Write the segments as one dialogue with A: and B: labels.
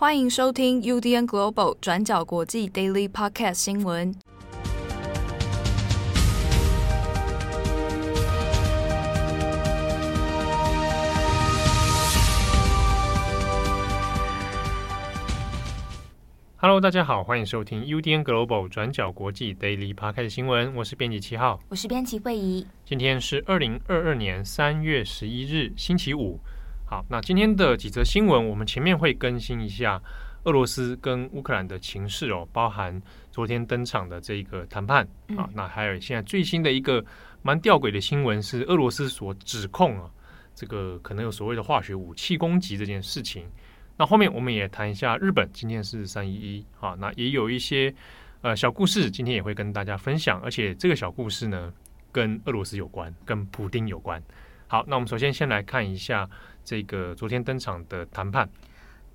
A: 歡迎收聽 UDN Global 轉角國際 Daily Podcast 新聞。
B: Hello，大家好，歡迎收聽 UDN Global 轉角國際 Daily Podcast 新聞。我是編輯七號，我是編輯惠儀。今天是二零二二年三月十一日，星期五。好，那今天的幾則新聞，我們前面會更新一下俄羅斯跟烏克蘭的情勢哦，包含昨天登場的這個談判，嗯，啊，那還有現在最新的一個蠻吊詭的新聞是俄羅斯所指控啊，這個可能有所謂的化學武器攻擊這件事情。那後面我們也談一下日本，今天是三一一啊，那也有一些呃小故事，今天也會跟大家分享，而且這個小故事呢跟俄羅斯有關，跟普丁有關。好，那我們首先先來看一下。這個昨天登場的談判，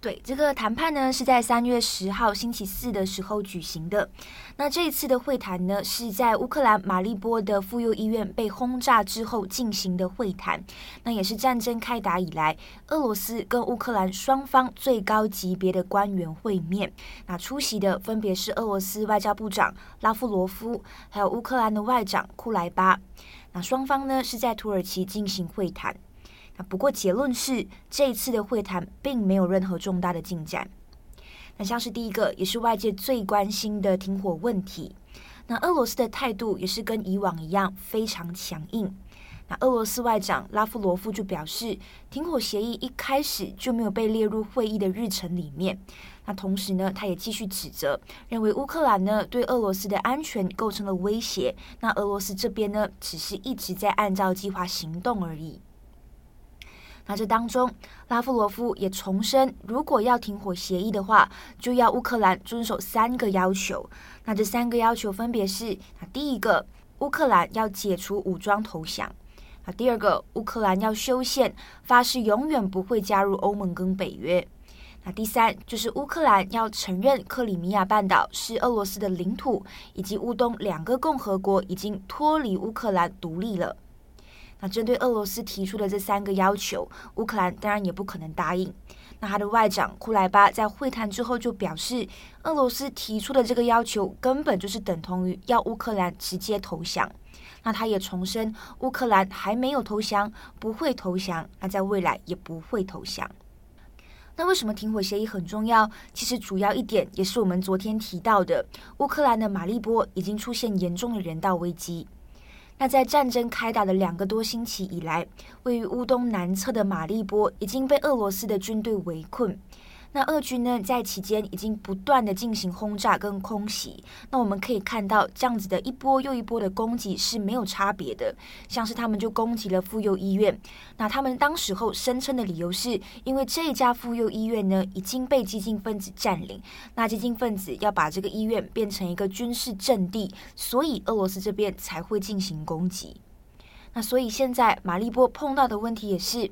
A: 對這個談判呢，是在三月十號星期四的時候舉行的。那這一次的會談呢，是在烏克蘭馬利波的婦幼醫院被轟炸之後進行的會談。那也是戰爭開打以來，俄羅斯跟烏克蘭雙方最高級別的官員會面。那出席的分別是俄羅斯外交部長拉夫羅夫，還有烏克蘭的外長庫萊巴。那雙方呢是在土耳其進行會談。不過，結論是這一次的會談並沒有任何重大的進展。那像是第一個也是外界最關心的停火問題，那俄羅斯的態度也是跟以往一樣非常強硬。那俄羅斯外長拉夫羅夫就表示，停火協議一開始就沒有被列入會議的日程裡面。那同時呢，他也繼續指責，認為烏克蘭呢對俄羅斯的安全構成了威脅。那俄羅斯這邊呢，只是一直在按照計劃行動而已。那這當中，拉夫羅夫也重申，如果要停火協議的話，就要烏克蘭遵守三個要求。那這三個要求分別是：那第一個，烏克蘭要解除武裝投降；那第二個，烏克蘭要修憲，發誓永遠不會加入歐盟跟北約；那第三，就是烏克蘭要承認克里米亞半島是俄羅斯的領土，以及烏東兩個共和國已經脫離烏克蘭獨立了。那針對俄羅斯提出的這三個要求，烏克蘭當然也不可能答應。那他的外長庫萊巴在會談之後就表示，俄羅斯提出的這個要求根本就是等同於要烏克蘭直接投降。那他也重申，烏克蘭還沒有投降，不會投降，那在未來也不會投降。那為什麼停火協議很重要？其實主要一點也是我們昨天提到的，烏克蘭的馬利波已經出現嚴重的人道危機。那在戰爭開打的兩個多星期以來，位於烏東南側的馬立波已經被俄羅斯的軍隊圍困。那俄軍呢，在期間已經不斷的進行轟炸跟空襲。那我們可以看到，這樣子的一波又一波的攻擊是沒有差別的。像是他們就攻擊了婦幼醫院。那他們當時候聲稱的理由是，因為這家婦幼醫院呢已經被激進分子占領，那激進分子要把這個醫院變成一個軍事陣地，所以俄羅斯這邊才會進行攻擊。那所以現在馬利波碰到的問題也是。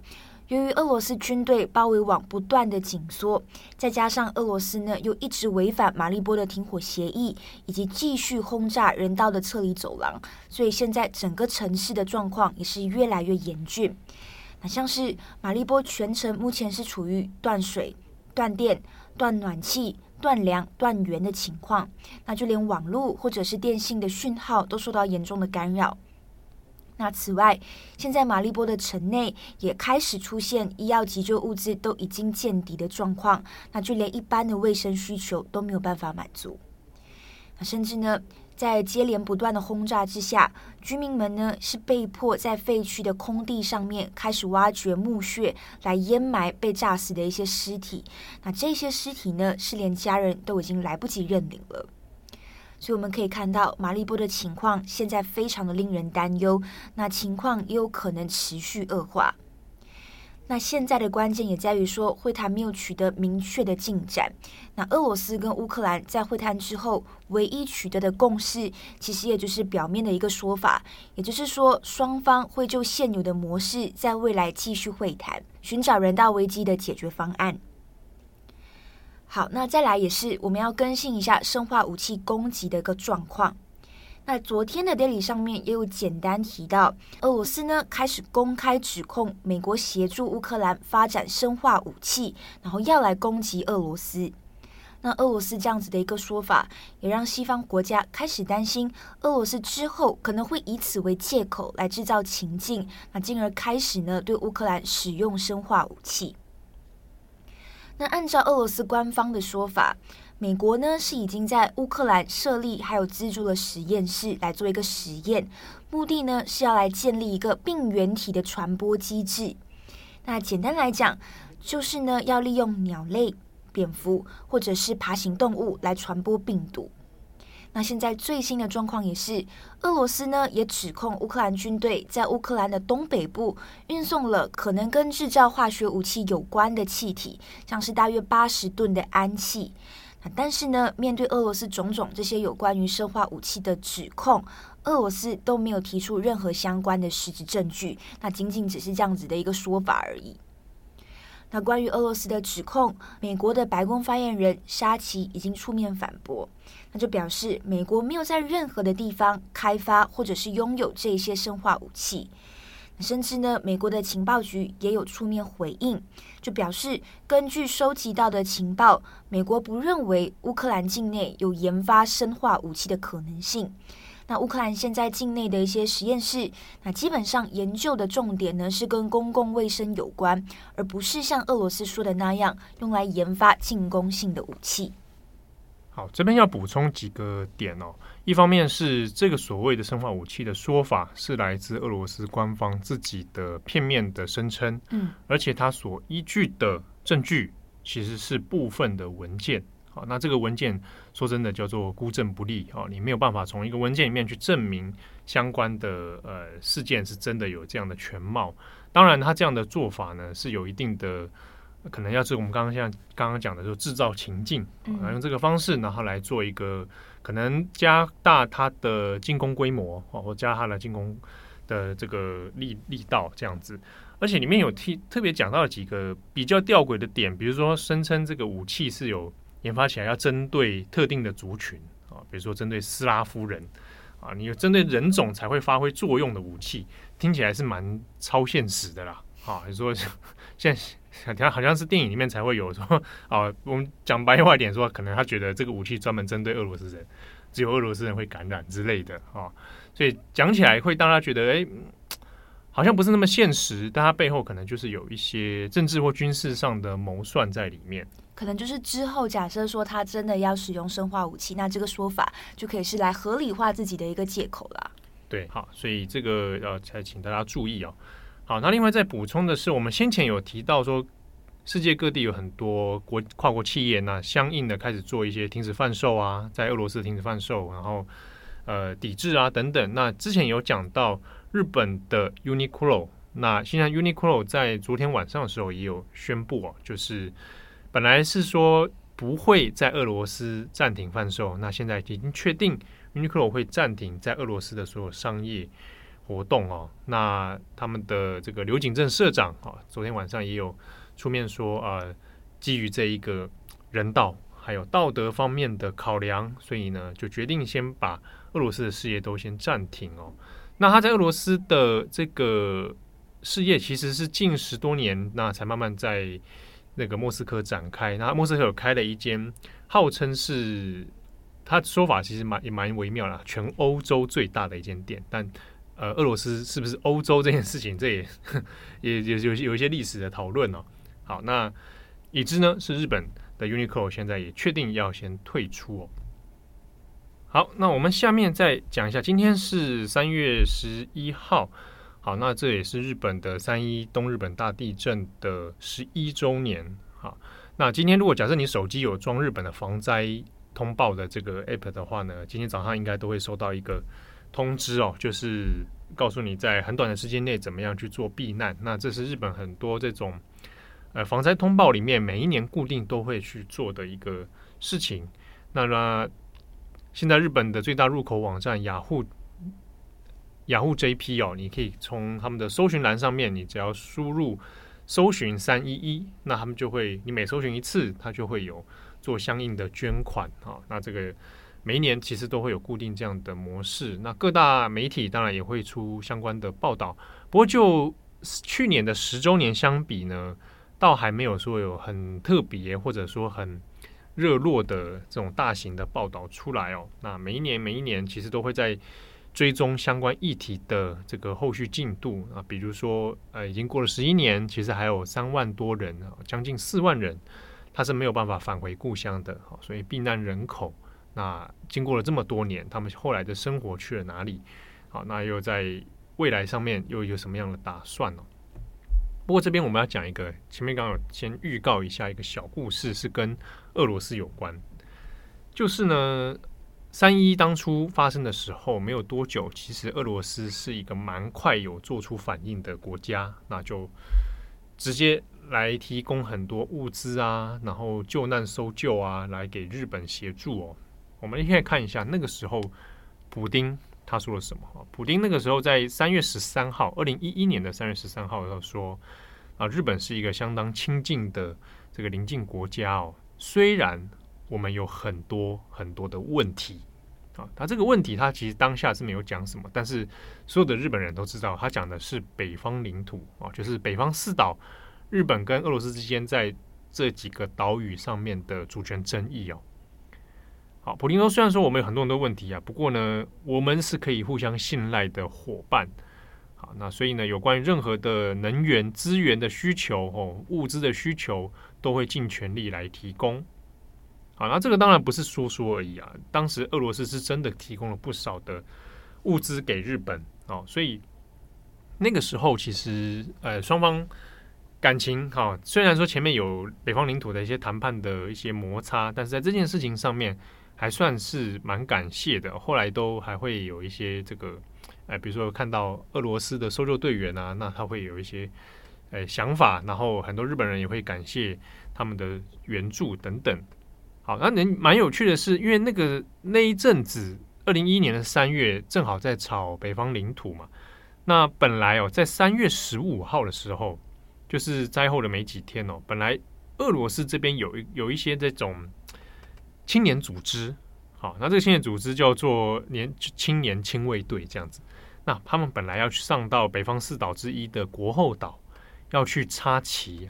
A: 由於俄羅斯軍隊包圍網不斷的緊縮，再加上俄羅斯呢又一直違反馬利波的停火協議，以及繼續轟炸人道的撤離走廊，所以現在整個城市的狀況也是越來越嚴峻。那像是馬利波全城目前是處於斷水、斷電、斷暖氣、斷糧、斷援的情況，那就連網絡或者是電信的訊號都受到嚴重的干擾。那此外，現在馬利波的城內也開始出現醫藥急救物資都已經見底的狀況。那就連一般的衛生需求都沒有辦法滿足。那甚至呢，在接連不斷的轟炸之下，居民們呢是被迫在廢墟的空地上面開始挖掘墓穴，來掩埋被炸死的一些屍體。那這些屍體呢，是連家人都已經來不及認領了。所以我們可以看到，馬里波的情況現在非常的令人擔憂。那情況也有可能持續惡化。那現在的關鍵也在於說，會談沒有取得明確的進展。那俄羅斯跟烏克蘭在會談之後，唯一取得的共識，其實也就是表面的一個說法，也就是說，雙方會就現有的模式，在未來繼續會談，尋找人道危機的解決方案。好，那再來也是我們要更新一下生化武器攻擊的一個狀況。那昨天的 daily 上面也有簡單提到，俄羅斯呢開始公開指控美國協助烏克蘭發展生化武器，然後要來攻擊俄羅斯。那俄羅斯這樣子的一個說法，也讓西方國家開始擔心，俄羅斯之後可能會以此為借口來製造情境，那進而開始呢對烏克蘭使用生化武器。那按照俄羅斯官方的說法，美國呢是已經在烏克蘭設立還有資助的實驗室來做一個實驗，目的呢是要來建立一個病原體的傳播機制。那簡單來講，就是呢要利用鳥類、蝙蝠或者是爬行動物來傳播病毒。那現在最新的狀況也是，俄羅斯呢也指控烏克蘭軍隊在烏克蘭的東北部運送了可能跟製造化學武器有關的氣體，像是大約八十噸的氨氣。那但是呢，面對俄羅斯種種這些有關於生化武器的指控，俄羅斯都沒有提出任何相關的實質證據，那僅僅只是這樣子的一個說法而已。那關於俄羅斯的指控，美國的白宮發言人沙奇已經出面反駁，那就表示美國沒有在任何的地方開發或者是擁有這些生化武器。那甚至呢，美國的情報局也有出面回應，就表示根據收集到的情報，美國不認為烏克蘭境內有研發生化武器的可能性。那烏克蘭現在境內的一些實驗室，那基本上研究的重點呢是跟公共衛生有關，而不是像俄羅斯說的那樣用來研發進攻性的武器。
B: 好，這邊要補充幾個點哦。一方面是這個所謂的生化武器的說法是來自俄羅斯官方自己的片面的聲稱，嗯，而且他所依據的證據其實是部分的文件。好，那這個文件說真的叫做孤證不立啊、哦，你沒有辦法從一個文件裡面去證明相關的呃事件是真的有這樣的全貌。當然，他這樣的做法呢是有一定的，可能要是我們剛剛像剛剛講的，就制造情境、嗯、啊，用這個方式，然後來做一個可能加大他的進攻規模啊，或、哦、加他的進攻的這個力力道這樣子。而且裡面有提特別講到幾個比較吊詭的點，比如說聲稱這個武器是有。研發起來要針對特定的族群啊，比如說針對斯拉夫人啊，你有針對人種才會發揮作用的武器，聽起來是蠻超現實的啦。哈、啊，你說像像好像好像是電影裡面才會有說啊，我們講白話一點說，可能他覺得這個武器專門針對俄羅斯人，只有俄羅斯人會感染之類的哈、啊，所以講起來會大家覺得誒。欸好像不是那麼現實，但它背後可能就是有一些政治或軍事上的謀算在裡面。
A: 可能就是之後假設說他真的要使用生化武器，那這個說法就可以是來合理化自己的一個借口了。
B: 對，好，所以這個要呃，請大家注意哦。好，那另外再補充的是，我們先前有提到說，世界各地有很多國跨國企業，那相應的開始做一些停止販售啊，在俄羅斯停止販售，然後呃，抵制啊等等。那之前有講到。日本的 Uniqlo，那現在 Uniqlo 在昨天晚上的時候也有宣布啊，就是本來是說不會在俄羅斯暫停販售，那現在已經確定 Uniqlo 會暫停在俄羅斯的所有商業活動哦，啊。那他們的這個柳井正社長啊，昨天晚上也有出面說啊，基於這一個人道還有道德方面的考量，所以呢就決定先把俄羅斯的事業都先暫停哦。那他在俄羅斯的這個事業其實是近十多年那才慢慢在那個莫斯科展開。那他莫斯科有開了一間號稱是他說法其實蠻也蠻微妙啦，全歐洲最大的一間店。但，呃，俄羅斯是不是歐洲這件事情，這也也有有有一些歷史的討論哦。好，那已知呢是日本的 UNIQLO 現在也確定要先退出哦。好，那我們下面再講一下。今天是三月十一號，好，那這也是日本的三一東日本大地震的十一週年。好，那今天如果假設你手機有裝日本的防災通報的這個 app 的話呢，今天早上應該都會收到一個通知哦，就是告訴你在很短的時間內怎麼樣去做避難。那這是日本很多這種呃防災通報裡面每一年固定都會去做的一個事情。那，那。現在日本的最大入口網站雅虎雅虎 JP 哦，你可以從他們的搜尋欄上面，你只要輸入“搜尋三一一”，那他們就會，你每搜尋一次，它就會有做相應的捐款啊。那這個每一年其實都會有固定這樣的模式。那各大媒體當然也會出相關的報道。不過就去年的十週年相比呢，倒還沒有說有很特別，或者說很。熱絡的這種大型的報道出來哦，那每一年每一年其實都會在追蹤相關議題的這個後續進度啊，比如說呃，已經過了十一年，其實還有三萬多人啊，將近四萬人，他是沒有辦法返回故鄉的，好，所以避難人口，那經過了這麼多年，他們後來的生活去了哪裡？好，那又在未來上面又有什麼樣的打算呢、哦？不過這邊我們要講一個，前面剛好先預告一下一個小故事，是跟俄羅斯有關。就是呢，311當初發生的時候沒有多久，其實俄羅斯是一個蠻快有做出反應的國家，那就直接來提供很多物資啊，然後救難搜救啊，來給日本協助哦。我們可以看，看一下那個時候普丁。他說了什麼？啊，普丁那個時候在三月十三號，二零一一年的三月十三號的時候說，啊，日本是一個相當親近的這個鄰近國家哦。雖然我們有很多很多的問題，啊，他這個問題他其實當下是沒有講什麼，但是所有的日本人都知道，他講的是北方領土啊，就是北方四島，日本跟俄羅斯之間在這幾個島嶼上面的主權爭議哦。好，普丁說雖然說我們有很多很多問題啊，不過呢，我們是可以互相信賴的夥伴。好，那所以呢，有關於任何的能源資源的需求哦，物資的需求，都會盡全力來提供。好，那這個當然不是說說而已啊，當時俄羅斯是真的提供了不少的物資給日本。哦，所以那個時候其實呃，雙方感情哈、哦，雖然說前面有北方領土的一些談判的一些摩擦，但是在這件事情上面，還算是蠻感謝的，後來都還會有一些這個，哎，比如說看到俄羅斯的搜救隊員啊，那他會有一些哎想法，然後很多日本人也會感謝他們的援助等等。好，那蠻有趣的是，因為那個那一陣子，二零一一年的三月正好在炒北方領土嘛。那本來哦，在三月十五號的時候，就是災後的沒幾天哦，本來俄羅斯這邊有有一些這種。青年組織，好，那這個青年組織叫做年青年青衛隊，這樣子，那他們本來要去上到北方四島之一的國後島，要去插旗，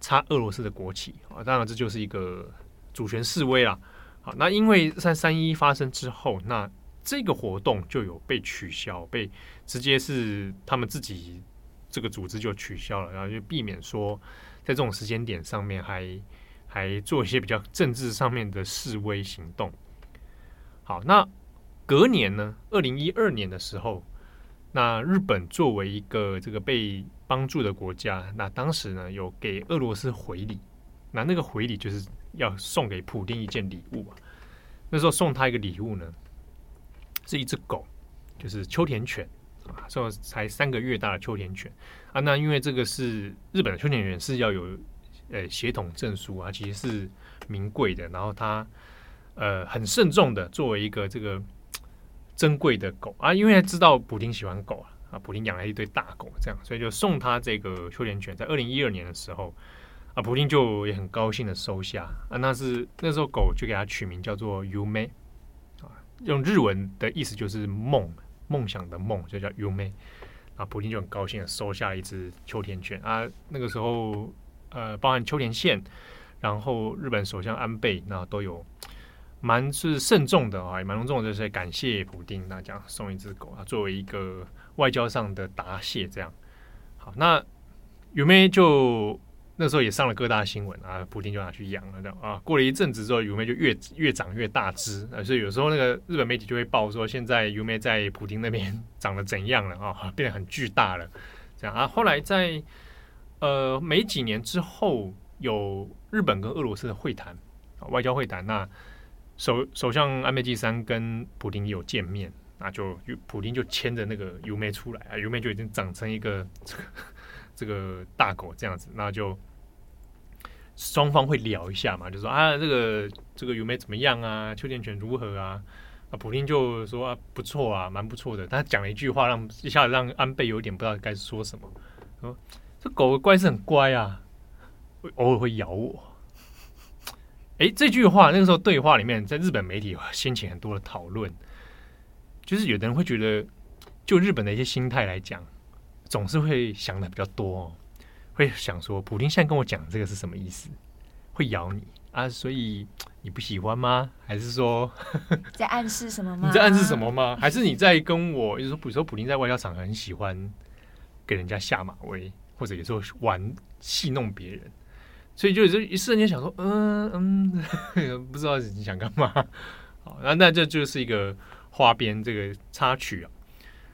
B: 插俄羅斯的國旗啊，當然這就是一個主權示威啦。好，那因為在311發生之後，那這個活動就有被取消，被直接是他們自己這個組織就取消了，然後就避免說在這種時間點上面還。還做一些比較政治上面的示威行動。好，那隔年呢？二零一二年的時候，那日本作為一個這個被幫助的國家，那當時呢，有給俄羅斯回禮。那那個回禮就是要送給普丁一件禮物嘛。那時候送他一個禮物呢，是一隻狗，就是秋田犬啊，所以才三個月大的秋田犬啊。那因為這個是日本的秋田犬，是要有。呃，血統證書啊，其實是名貴的。然後他呃很慎重的作為一個這個珍貴的狗啊，因為他知道普丁喜歡狗啊，普丁養了一堆大狗這樣，所以就送他這個秋田犬。在二零一二年的時候啊，普丁就也很高興的收下啊，那是那時候狗就給他取名叫做 Yume 啊，用日文的意思就是夢夢想的夢，就叫 Yume 啊，普丁就很高興的收下了一隻秋田犬啊，那個時候。呃，包含秋田縣，然後日本首相安倍那都有蠻是慎重的啊，哦，也蠻隆重的，就是感謝普丁那這樣送一只狗啊，作為一個外交上的答謝，這樣。好，那有梅就那時候也上了各大新聞啊，普丁就拿去養了，這樣啊。過了一陣子之後，有梅就越越長越大只啊，所以有時候那個日本媒體就會報說，現在有梅在普丁那邊長得怎樣了啊，變得很巨大了，這樣啊。後來在呃，沒幾年之後，有日本跟俄羅斯的會談，外交會談。那首首相安倍晉三跟普丁有見面，那就普，普丁就牽着那個油妹出來啊，油妹就已經長成一個、這個、這個大狗這樣子，那就雙方會聊一下嘛，就說啊，這個這個油妹怎麼樣啊，秋田犬如何啊？啊，普丁就說啊，不錯啊，蠻不錯的。但他講了一句話，讓一下子讓安倍有點不知道該說什麼。這狗怪是很乖啊，偶爾會咬我。哎，這句話那個時候對話裡面，在日本媒體掀起很多的討論，就是有的人會覺得，就日本的一些心態來講，總是會想的比較多，會想說，普丁現在跟我講這個是什麼意思？會咬你啊？所以你不喜歡嗎？還是說
A: 在暗示什麼嗎？你在暗示什麼
B: 嗎？ 還是你在跟我，說，比如說普丁在外交場合很喜歡給人家下馬威？或者有時候玩戲弄別人，所以就就一瞬間想說嗯，嗯嗯，不知道你想幹嘛。好，那那這就是一個花邊這個插曲啊。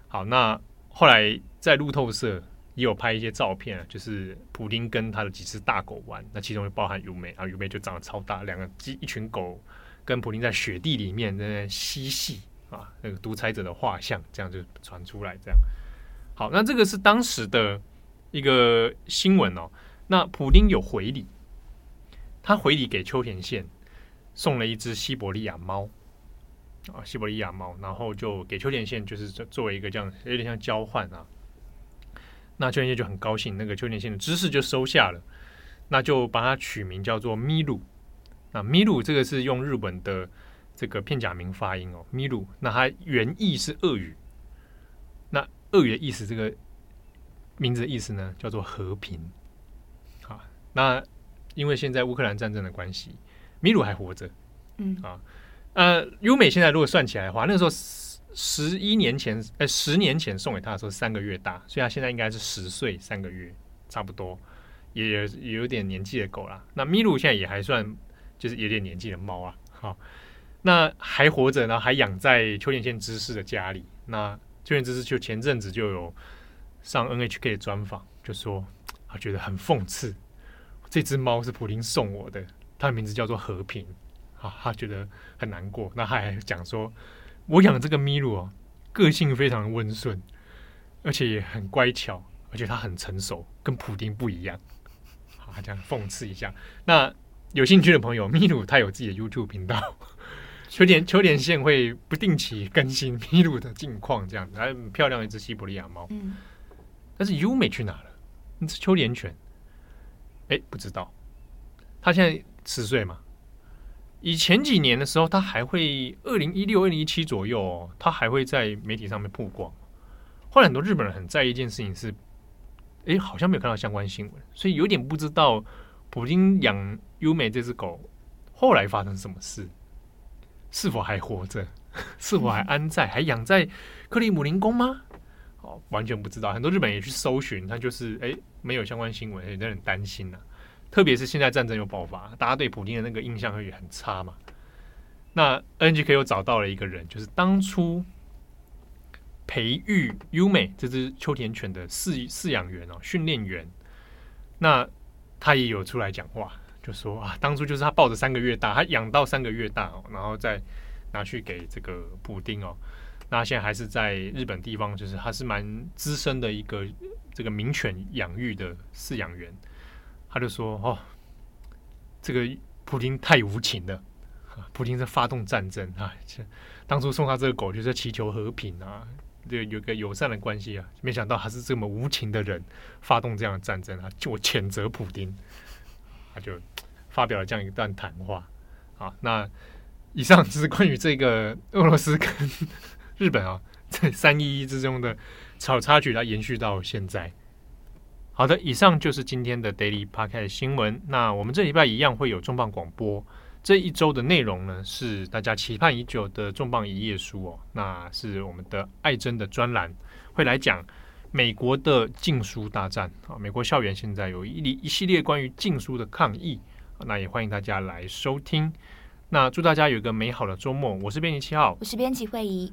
B: 好，那後來在路透社也有拍一些照片啊，就是普丁跟他的幾隻大狗玩，那其中就包含尤梅啊，尤梅就長得超大，兩個幾一群狗跟普丁在雪地裡面在那嬉戲啊，那個獨裁者的畫像，這樣就傳出來這樣。好，那這個是當時的。一個新聞哦，那普丁有回禮，他回禮給秋田縣送了一隻西伯利亞貓，啊，西伯利亞貓，然後就給秋田縣，就是作為一個這樣，有點像交換啊。那秋田縣就很高興，那個秋田縣的知事就收下了，那就把它取名叫做咪露。那咪露這個是用日本的這個片假名發音哦，咪露。那它原意是俄語，那俄語的意思這個。名字的意思呢，叫做和平。好，那因為現在烏克蘭戰爭的關係，米魯還活着。嗯啊，呃，優美現在如果算起來的話，那個時候十一年前，呃，十年前送給他的時候三個月大，所以他現在應該是十歲三個月，差不多也有也有點年紀的狗啦。那米魯現在也還算就是有點年紀的貓啊。好，那還活着呢，然後還養在秋田縣知事的家裡。那秋田知事就前陣子就有。上 N H K 的專訪就說他覺得很諷刺，這隻貓是普丁送我的，它的名字叫做和平啊，他覺得很難過。那他還講說，我養這個米魯、喔、個性非常溫順，而且也很乖巧，而且它很成熟，跟普丁不一樣。他這樣諷刺一下。那有興趣的朋友，米魯它有自己的 YouTube 頻道，秋田秋田縣會不定期更新米魯的近況，這樣子，它很漂亮一隻西伯利亞貓。嗯但是優美去哪了？你是秋田犬，哎，不知道。他現在十歲嘛？以前幾年的時候，他還會二零一六、二零一七左右，他還會在媒體上面曝光。後來很多日本人很在意一件事情是，是哎，好像沒有看到相關新聞，所以有點不知道普京養優美這只狗後來發生什麼事，是否還活着？是否還安在？嗯、還養在克里姆林宮嗎？哦、完全不知道，很多日本也去搜尋，他就是誒，沒有相關新聞，也讓人擔心吶、啊。特別是現在戰爭又爆發，大家對普丁的那個印象也很差嘛。那 N G K 又找到了一個人，就是當初培育優美這只秋田犬的飼飼養員哦，訓練員。那他也有出來講話，就說啊，當初就是他抱着三個月大，他養到三個月大、哦，然後再拿去給這個普丁哦。他現在還是在日本地方，就是還是蠻資深的一個這個名犬養育的飼養員，他就說：“哦，這個普丁太無情了，普丁在發動戰爭啊！這當初送他這個狗就是祈求和平啊，這有個友善的關係啊，沒想到他是這麼無情的人，發動這樣的戰爭啊！就我譴責普丁，”他就發表了這樣一段談話。啊。那以上就是關於這個俄羅斯跟……日本啊，在三一一之中的小插曲，它延續到現在。好的，以上就是今天的 Daily Park 的新聞。那我們這禮拜一樣會有重磅廣播。這一週的內容呢，是大家期盼已久的重磅一頁書哦。那是我們的愛珍的專欄會來講美國的禁書大戰啊。美國校園現在有一一系列關於禁書的抗議，那也歡迎大家來收聽。那祝大家有一個美好的週末。我是編輯七號，我是編輯惠宜。